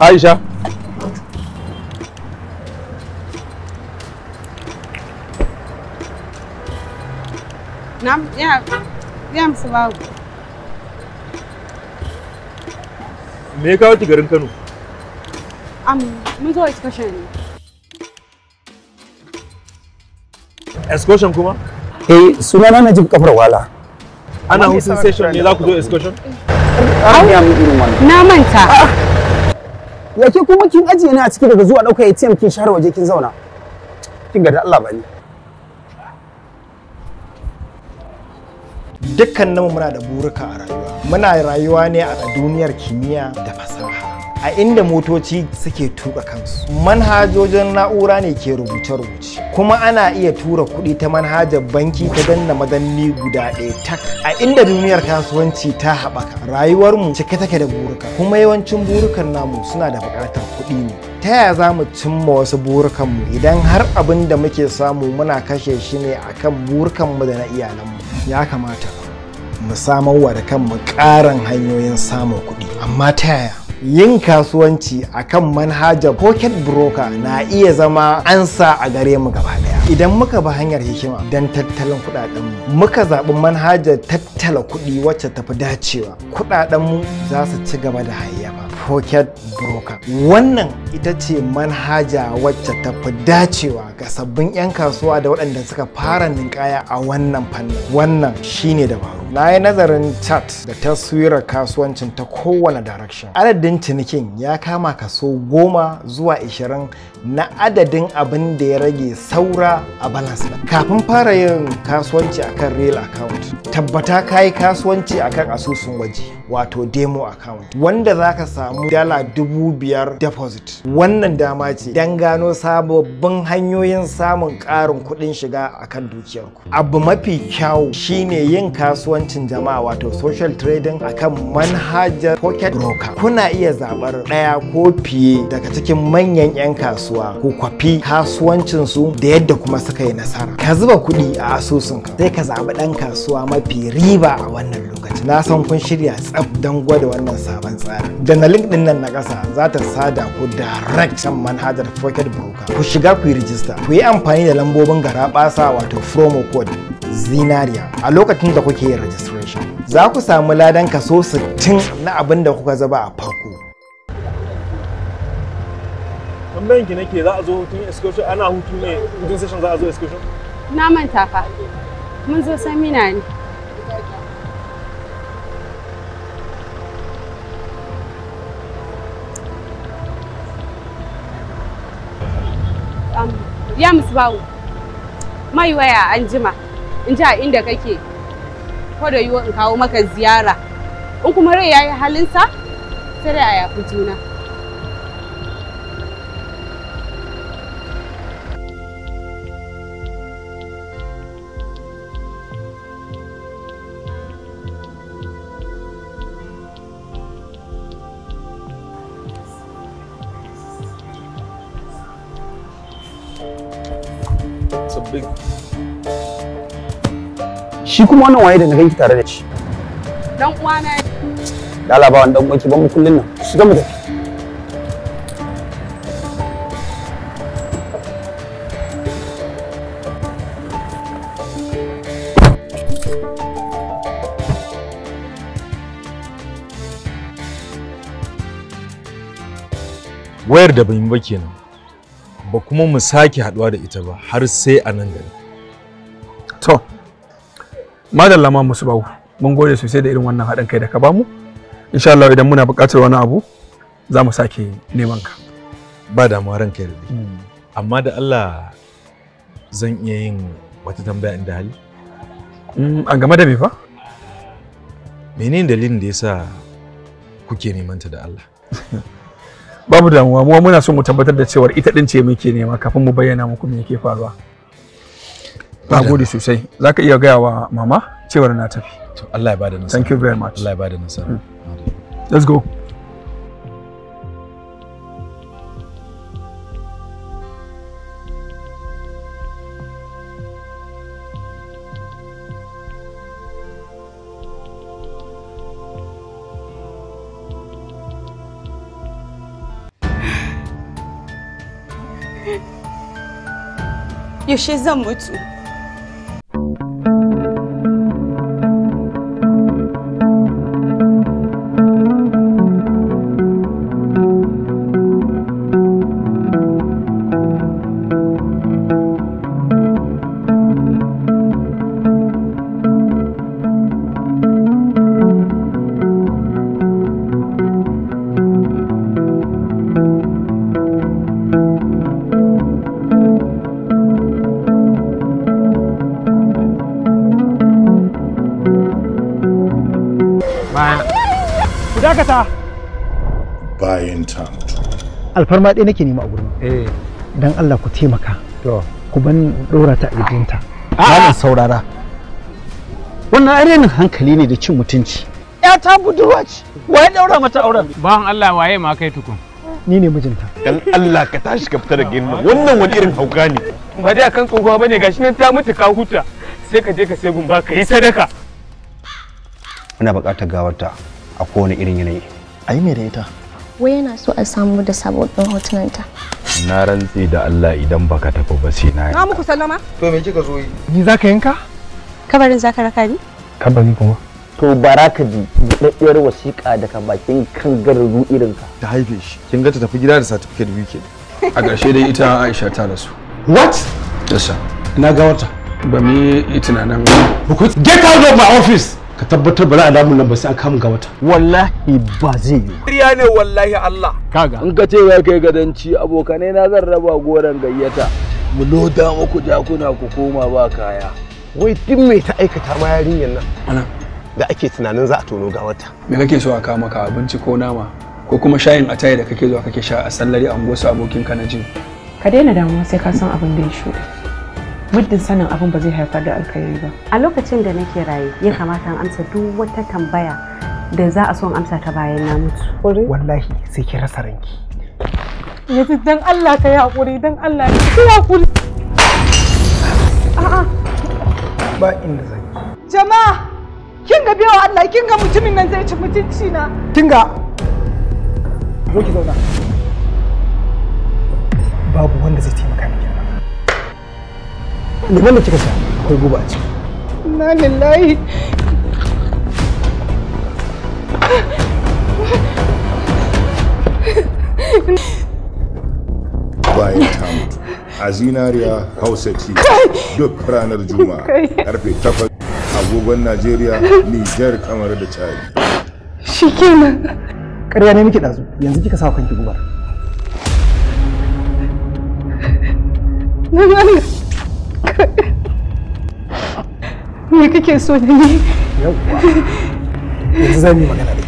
Aisha. ya, ya musu babu. Me ya kawo ki garin Kano? Am, mun zo excursion ne. Excursion kuma? Eh, sunana Najib Kafar Wala. Ana hutun session ne za ku zo excursion? Na manta. ya ke kuma kin ajiye ni a ciki daga zuwa ɗauka ATM kin share waje kin zauna kin ga Allah bani dukkan mu muna da burika a rayuwa muna rayuwa ne a duniyar kimiyya da fasaha a inda motoci suke tuka kansu manhajojin na'ura ne ke rubuce-rubuce kuma ana iya tura kuɗi ta manhajar banki ta danna madanni guda ɗaya tak a inda duniyar kasuwanci ta haɓaka rayuwarmu cike take da burika kuma yawancin burukan namu suna da buƙatar kuɗi ne ta yaya za mu cimma wasu burukanmu idan har abin da muke samu muna kashe shi ne akan burukanmu da na iyalanmu ya kamata mu samarwa wa da kanmu ƙarin hanyoyin samun kuɗi amma ta yaya yin kasuwanci a kan manhajar pocket broker na iya zama ansa a gare mu gaba daya idan muka bi hanyar hikima don tattalin kuɗaɗenmu muka zaɓi manhajar tattala kuɗi wacce tafi dacewa kuɗaɗenmu za su ci gaba da hayyafa pocket broker wannan ita ce manhaja wacce tafi dacewa ga sabbin 'yan kasuwa da waɗanda suka fara ninkaya a wannan fannin wannan shine dabaru na yi nazarin chat da taswirar kasuwancin ta kowane direction adadin cinikin ya kama kaso goma zuwa ishirin na adadin abin da ya rage saura a balance kafin fara yin kasuwanci akan real account tabbata ka yi kasuwanci akan asusun waje wato demo account wanda zaka samu dala dubu biyar deposit wannan dama ce don gano sababbin hanyoyin samun ƙarin kuɗin shiga akan dukiyarku abu mafi kyau shine yin kasuwancin jama'a wato social trading akan manhajar pocket broker kuna iya zaɓar ɗaya ko fiye daga cikin manyan 'yan kasuwa ku kwafi kasuwancinsu da yadda kuma suka yi nasara ka zuba kuɗi a asusunka sai ka zaɓi ɗan kasuwa mafi riba a wannan lokaci na san kun shirya tsaf don gwada wannan sabon tsarin da na link din nan na ƙasa za ta sada ku direct can manhajar pocket broker ku shiga ku yi rijista ku yi amfani da lambobin garaɓasa wato promo code zinariya a lokacin da kuke yin registration za ku samu ladan kaso 60 na abin da kuka zaba a farko tambayan ki nake za a zo hutun excursion ana hutu ne hutun session za a zo excursion na manta fa mun zo samina ne Ya bawo mai waya an jima, in ji a inda kake, ko da yiwu in kawo maka ziyara. In kuma rai yayi yi halinsa, sai dai a yafi juna. Shi kuma wannan waye da na ganki tare da shi. Dan uwana. Dala ba wannan uwanki ba mu kullun nan. Shiga mu tafi. wayar da ban ba kenan ba kuma mu sake haduwa da ita ba har sai a nan gari. To, madalla lama musu bawu, mun gode sosai da irin wannan haɗin kai da ka bamu. Insha Allah idan muna buƙatar wani abu, za mu sake neman ka. Ba damuwa ranka rubi. Hmm. Amma da Allah zan iya yin wata tambaya inda hali? Hmm, a game da me fa? Menene dalilin da yasa kuke neman ta da Allah? babu damuwa mu muna son mu tabbatar da cewa ita din ce muke nema kafin mu bayyana muku me yake faruwa na gode sosai za ka iya gaya wa mama cewar na tafi to Allah ya bada nasara thank you very much Allah ya bada nasara hmm. let's go Eu za é muito alfarma ɗaya nake nema a gurin eh. don Allah ku taimaka ku ban ɗora ta a gidanta saurara wannan arenin hankali ne da cin mutunci ya ta budurwa ce waye daura mata auren Ba Allah waye ma kai tukun ni ne mijinta dan Allah ka tashi ka fita daga gidan wannan wani irin hauka ne ba dai akan tsohuwa bane gashi nan ta mutu ka huta sai ka je ka sai gumba ka yi sadaka muna buƙatar gawarta a kowane irin yanayi ai me da ita wai yana so a samu da sababbin hotunanta. Na rantse da Allah idan baka tafi ba sai na. Na muku sallama? To me kika zo yi? Ni zaka yanka? Kabarin zaka raka ni? Kabari kuma. To bara ka bi daddiyar wasiƙa daga bakin garuru irin ka. da haife shi. Kin ga ta tafi gida da certificate biyu ke. A ƙarshe dai ita Aisha ta rasu. What? Yes sir. Ina ga wata. Ba mu yi tunanin. Get out of my office. ka tabbatar ba za a damu nan ba sai an kamun ga wata wallahi ba zai yi ƙarya ne wallahi Allah kaga in ka ce za ka gadanci abokanai na zan raba goran gayyata mu loda muku jakuna ku koma ba kaya wai duk mai ta aikata ma yarinyar nan da ake tunanin za a tono ga wata me kake so a kawo maka abinci ko nama ko kuma shayin ataye da kake zuwa kake sha a sallari an gosu abokin ka na jin ka daina damuwa sai ka san abin da ya shuɗe muddin sanin abin ba zai haifar da alkhairi ba a lokacin da nake raye ya kamata an amsa duk wata tambaya da za a son amsa ta bayan na mutu wallahi sai ki rasa ranki yanzu dan Allah ka yi hakuri dan Allah ka yi hakuri a'a ba inda zai jama'a kin ga biyo Allah kin ga mutumin nan zai ci mutunci na kin ga zo ki zauna babu wanda zai taimaka miki liman da kika sa akwai guba a ciki na lillahi bayan ta mutu a zinariya hausa ce duk ranar juma'a karfe takwas, agogon najeriya nijar kamar da cari shi kenan ƙarya ne miki ɗazu yanzu kika sa kanki gubar me kake so da ni zan yi magana